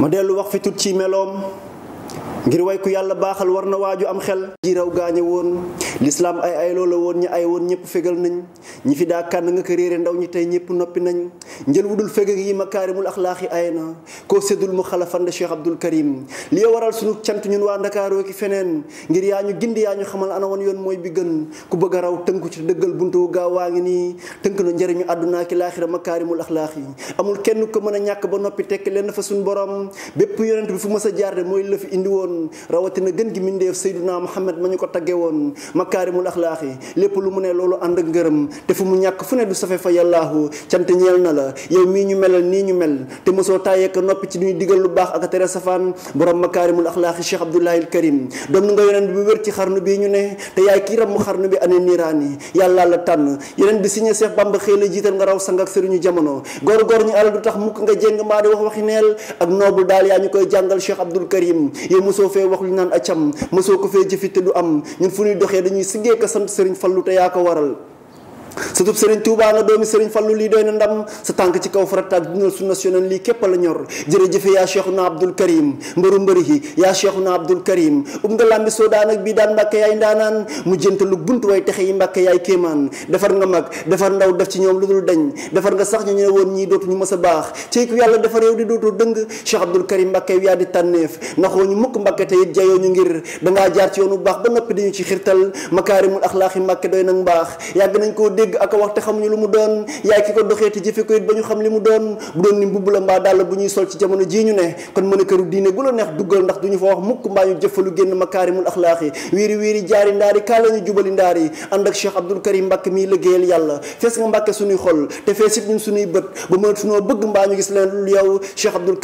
ma dellu wax fi tut ci meloom ngir way ku yàlla baaxal war na waaju am xel ji raw gaañe woon lislaam ay ay loola woon ñi ay woon ñëpp fegal nañ ñi fi daa kànn nga ko réere ndaw ñi tey ñëpp noppi nañ njël wudul fega yi makaarimul axlaaxi ay na koo séddul mu xalafan la Cheikh Abdul Karim li waral sunu cant ñun waa Ndakaaroo ki feneen ngir yaa ñu gindi yaa ñu xamal ana woon yoon mooy bi gën ku bëgg a ci dëggal buntu gaaw waa ngi nii tënk na njëriñu àdduna ki laaxira makaarimul axlaaxi amul kenn ko mën a ñàkk ba noppi tekk leen fa suñu borom bépp yonent bi fu mës a jaar de mooy la indi woon woon rawatina gën gi mindeef Seyduna Muhammad ma ñu ko tagge woon makaarimul axlaaxi lépp lu mu ne loolu ànd ak ngërëm te fu mu ñàkk fu ne du safe fa yàllaahu cant ñeel na la yow mii ñu melal nii ñu mel te mosoo tàyyeeka noppi ci duñu digal lu baax ak tere safaan borom makaarimul axlaaxi Cheikh Abdoulahil Karim doon nga yonent bi wér ci xarnu bii ñu ne te yaay kii ram xarnu bi ane niiraani yàlla la tànn yeneen bi signé Cheikh Bamba xëy la jiital mësoo fee wax lu naan acam mësoo ko fee jëfite du am ñun fu ñuy doxee dañuy siggee ka sant Serigne Fallou te yaa ko waral sutub Serigne Touba nga doomi Serigne Fallou lii doy na ndam sa tànk ci kaw farataak dundal sunna sunan lii képp la ñor jërëjëfe yaa Cheikhuna Abdoul Karim mbaru mbëri yi yaa Cheikhuna Abdoul Karim ub nga lambi soo daan bii daan mbàkke yaay ndaanaan mu jëntalu bunt way texe yi mbàkke yaay kéemaan defar nga mag defar ndaw def ci ñoom lu dul dañ defar nga sax ñu ne woon ñii dootu ñu mës a baax ci ku yàlla defar yow di dootoo dëng Cheikh Abdoul Karim Mbàkke di tànneef naxoo ñu mukk Mbàkke te it jayoo ñu ngir dangaa jaar ci yoonu baax ba noppi dañu ci xirtal makaarimul axlaaqi Mbàkke doy nag mbaax yàgg nañ koo ak wax te xamuñu lu mu doon yaay ki ko doxee te jëfe ko it ba ñu xam li mu doon bu doon ni mbubb la mbaa dàll bu ñuy sol ci jamono jii ñu ne kon mën a këru diine gu la neex duggal ndax du ñu fa wax mukk mbaa ñu jëfalu génn makaarimul axlaax yi wiiri wiiri jaari ndaari kaa la ñu jubali ndaari ànd ak Cheikh Abdoul Karim Mbàkke miy liggéeyal yàlla fees nga Mbàkke suñuy xol te fees it ñun suñuy bët ba mën sunoo bëgg mbaa ñu gis leen lu yow Cheikh Abdoul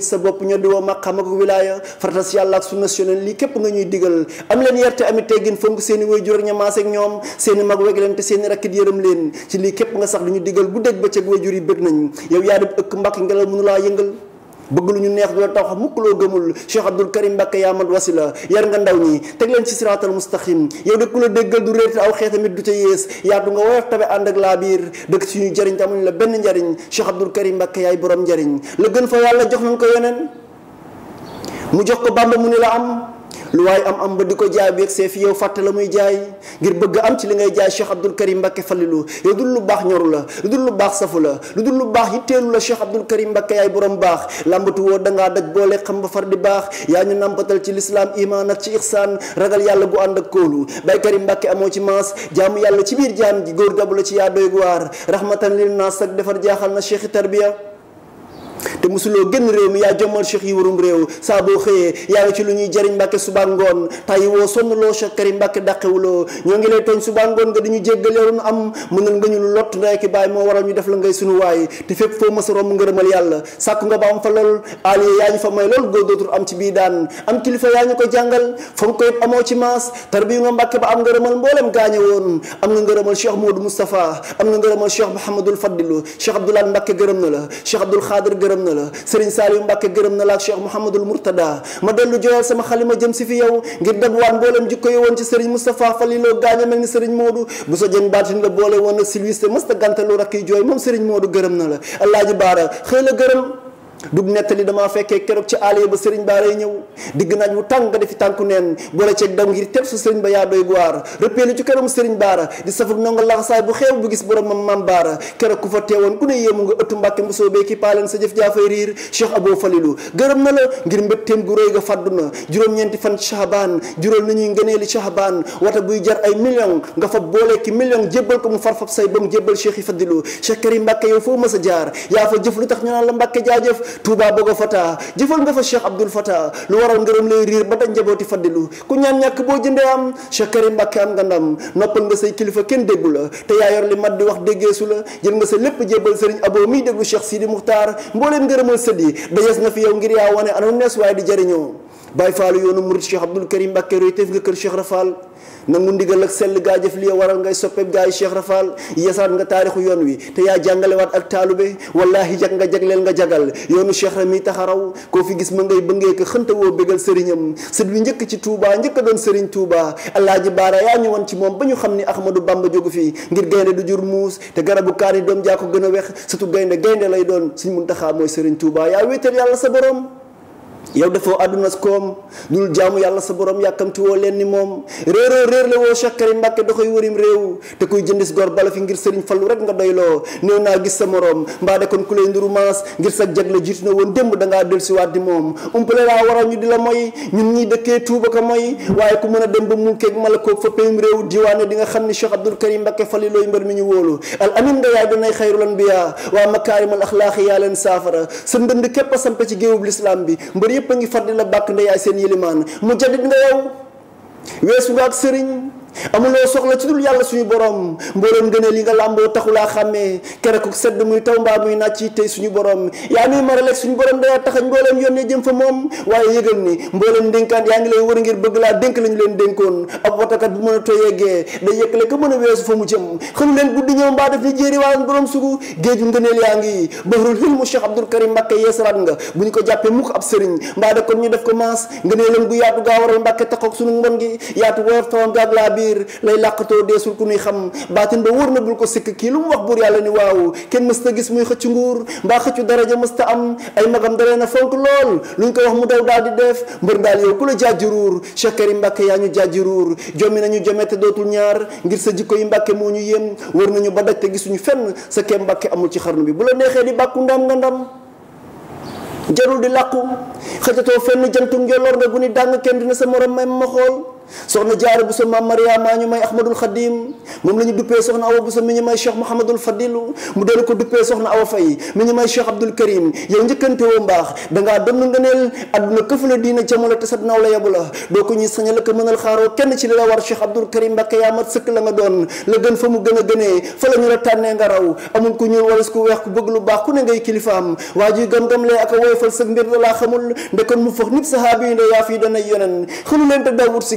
sa bopp ñoddi woo maqam ak wilaaya faratas yàlla ak sunna lii képp nga ñuy digal am leen yarte amit teggin fonk seeni way jur mag weg leen te seeni rakkit yërëm leen ci lii képp nga sax lu ñu digal bu dégg bëccëg wayjur yi bëgg nañ yow yaa dem ëkk mbàkk ngelaw mënu laa yëngal bëgg lu ñu neex du la taw xam mukk loo gëmul Cheikh Abdul Karim Mbakke yaa mat wasila yar nga ndaw ñi teg leen ci siraatal mustaqim yow de ku la déggal du réer te aw xee tamit du ca yées yaatu nga woyof tabe ànd ak laa biir dëkk ci jariñ te amuñu la benn njariñ Cheikh Abdul Karim Mbakke yaay borom njariñ la gën fa yàlla jox nañ ko yeneen mu jox ko Bàmba lu waaye am am ba di ko jaay bu yegsee fi yow fàtte la muy jaay ngir bëgg am ci li ngay jaay Cheikh Abdul Karim Mbakke Falilu yow dul lu baax ñoru la lu dul lu baax safu la lu dul lu baax yitteelu la Cheikh Abdul Karim Mbakke yaay borom baax làmbatu woo dangaa daj boole xam ba far di baax yaa ñu nàmpatal ci lislaam imaan ak ci ixsaan ragal yàlla bu ànd ak kóolu bay Karim Mbakke amoo ci maas jàmm yàlla ci biir jaam ji góor gabu la ci yaa doy waar rahmatan lil naas ak defar jaaxal na cheikhi tarbiya te mosuloo génn réew mi yaa jëmmal cheikh yi warum réew saa boo xëyee yaa ngi ci lu ñuy jëriñ mbàkke suba ngoon tàyyi woo sonnloo cheikh karim mbàkke dàqewuloo ñoo ngi lay tooñ suba ngoon nga dañu jéggaleeru nu am mënal nga ñu lu lott ndey ki bàyyi moo waral ñu def la ngay sunu waay te fépp foo mës a romb ngërëmal yàlla sàkku nga ba am fa lool aliye yaa ñu fa may lool góor dootul am ci bii daan am kilifa yaa ñu ko jàngal fonk ko yëpp amoo ci maas tarbiyu nga mbàkke ba am ngërëmal mboolem gaañe woon am nga ngërëmal cheikh Modou Moustapha am nga ngërëmal cheikh Mouhamadul Fadilu cheikh Abdoulaye Mbàkke gërëm na la cheikh Abdoul Xaadir gërëm na nga la Serigne Saliou Mbacke gërëm na la ak Cheikh Mouhamadul Mourtada ma dellu joyal sama xalima jëm si fi yow ngir dabwaan mboolem jikko yi woon ci Serigne Moustapha Faliloo gaaña mel ni Serigne Modou bu sa jën baatin la boole woon na silwiste mësta gàntalu rakk yi jooy moom Serigne Modou gërëm na la Alaaji Baara xëy la gërëm dug nettali damaa fekkee keroog ci àll ba sëriñ baa lay ñëw digg naaj wu tàng nga defi tànku neen boole ceeg daw ngir teb su sëriñ ba yaa doy waar rëppeelu ci keroom sëriñ baara di safug nonga laxasaay bu xeew bu gis boromam mam baara keroog ku fa teewoon ku ne nga ëttu mbàkke bu soobee ki paaleen sa jëf jaafay riir cheikh abo falilu gërëm na la ngir mbétteem gu réy ga fàddu na juróom-ñeenti fan chahaban juróom nañuy ngëneeli chahaban wata buy jar ba mu jébbal cheikh yi fadilu a Touba bëgg a fata jëfal nga fa Cheikh Abdoul Fata lu waral ngërëm lay riir ba dañ njabooti faddilu ku ñaan ñàkk boo jëndee am Cheikh Karim Mbàkke am nga ndam noppal nga say kilifa kenn déggu la te yaa yor li mat di wax déggeesu la jël nga sa lépp jébbal sëriñ Abo miy déglu Cheikh Sidi Muxtaar mbooleem ngërëmal sëdd yi dajees na fi yow ngir yaa wane anoon nees waaye di jariñoo Baye Fall yoonu Mouride Cheikh Abdoul Karim Mbacké roy teef nga kër Cheikh Rafal nangu ndigal ak sell gaa jëf lii waral ngay soppeeb gaa yi Cheikh Rafal yesaat nga taarixu yoon wi te yaa jàngalewaat ak taalube wallaahi jag nga jagleel nga jagal yoonu Cheikh Rami taxaraw koo fi gis ma ngay bëngee ko xënta woo bégal sëriñam sët bi njëkk ci tuubaa njëkk a doon sëriñ Touba Alaaji Baara yaa ñëwoon ci moom ba ñu xam ni Ahmadou Bamba jógu fii ngir gaynde du jur muus te garabu kaani doom jaa ko gën a wex surtout gaynde gaynde lay doon taxaa mooy sëriñ Touba yaa wéetal yow defoo àdduna koom dul jaamu yàlla sa borom yàkkamti woo leen ni moom réeroo réer la woo Cheikh Karim Mbàkke da koy wërim réew te kuy si gor bala fi ngir sëriñ fallu rek nga doyloo néew naa gis sa morom mbaa de kon ku lay nduru maas ngir sa jag la jiitu na woon démb da ngaa del siwaat di moom umpale laa waral ñu di la moy ñun ñi dëkkee tuuba ko moy waaye ku mën a dem ba mulkeeg malakoog fa payum réew diwaane di nga xam ni Cheikh Abdul Karim Mbàkke fali looy mbër mi ñu wóolu al amin nga yaay danay xayrul anbiya waa saafara sa ndënd a bi mbër a ngi far di la bàkk ndeyaay seen yilimaan mu jaddit nga yow weesu nga ak sëriñ amuloo soxla ci dul yàlla suñu borom mbooleem ngëneel yi nga làmboo taxulaa xàmmee kereku sedd muy taw mbaa muy nàcc tey suñu borom yaa nuy maraleeg suñu borom daya taxañ mbooleem yónnee jëm fa moom waaye yëgal ni mbooleem ndénkaan yaa ngi lay war ngir bëgg laa dénk lañu leen dénkoon ab watakat bu mën a to yeggee day yëkkale ko mën a weesu fa mu jëm xënu guddi ñëw mbaa def ni jéeri waalan borom géeju ngëneel yaa ngi baxrul biir lay làqatoo deesul ku nuy xam baatin ba wóor na bul ko sikk kii lu mu wax buur yàlla ni waaw kenn mës ta gis muy xëcc nguur mbaa xëccu daraja mës ta am ay magam da leen a fonk lool luñ ko wax mu daw daal di def mbër daal yow ku la jaajiruur Cheikh Karim Mbàkke yaa ñu jaajiruur jommi nañu jome te dootul ñaar ngir sa jikko yi Mbàkke moo ñu yéem wër nañu ba daj te gisuñu fenn sa kee Mbàkke amul ci xarnu bi bu la neexee di bàkku ndam nga ndam jarul di làqu xëjatoo fenn jantum njolloor nga gu ni dàng kenn dina sa soxna jaara bu sa maam mariama ñu may ahmadul xadim moom la ñu duppee soxna awa bu sa mi ñu may cheikh mouhamadul fadilu mu doon ko duppee soxna awa fay mi ñu may cheikh abdul karim yow njëkkante woo mbaax dangaa donn ngëneel adduna këfu la diina jamu la te sa naaw la la doo ko ñuy sañal ak mënal xaaroo kenn ci li la war cheikh abdul karim mbàkke yaa mat sëkk la nga doon la gën fa mu gën a gënee fa la la tànnee nga raw amul ku ñuul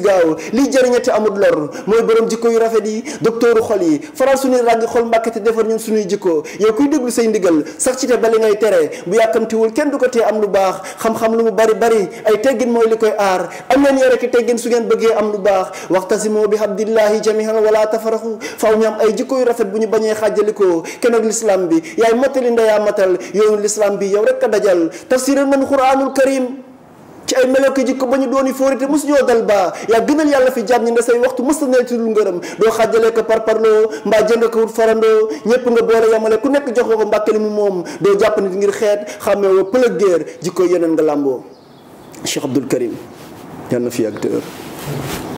a yow liy jëriña te amul lor mooy borom jikko yu rafet yi docteuru xol yi faral suñuy ràgg xol mbàkke te defar ñun suñuy jikko yow kuy déglu say ndigal sax ci te bali ngay tere bu yàkkamtiwul kenn du ko tee am lu baax xam-xam lu mu bari bari ay teggin mooy li koy aar am leen yore ki teggin su ngeen bëggee am lu baax waxtasimoo bi habdillahi jamihan wala tafaraxu faw ñu am ay jikko yu rafet bu ñu bañee xàjjalikoo kenn ak lislaam bi yaay matali ndeyaa matal yoonu lislaam bi yow rek a dajal tafsiral man quraanul karim ci ay melo ki jikko ba ñu dooni fóorite mos ñoo dal ba yaa gënal yàlla fi jàmm ñi nga say waxtu mos na ci ngërëm doo xaajale ko par parloo mbaa jënd ko wut farandoo ñëpp nga boole yamale ku nekk jox ko mbàkke li mu moom doo jàpp nit ngir xeet xàmmee woo pëlëg géer jikko yeneen nga làmboo Cheikh Abdoul Karim yàlla na fi yàgg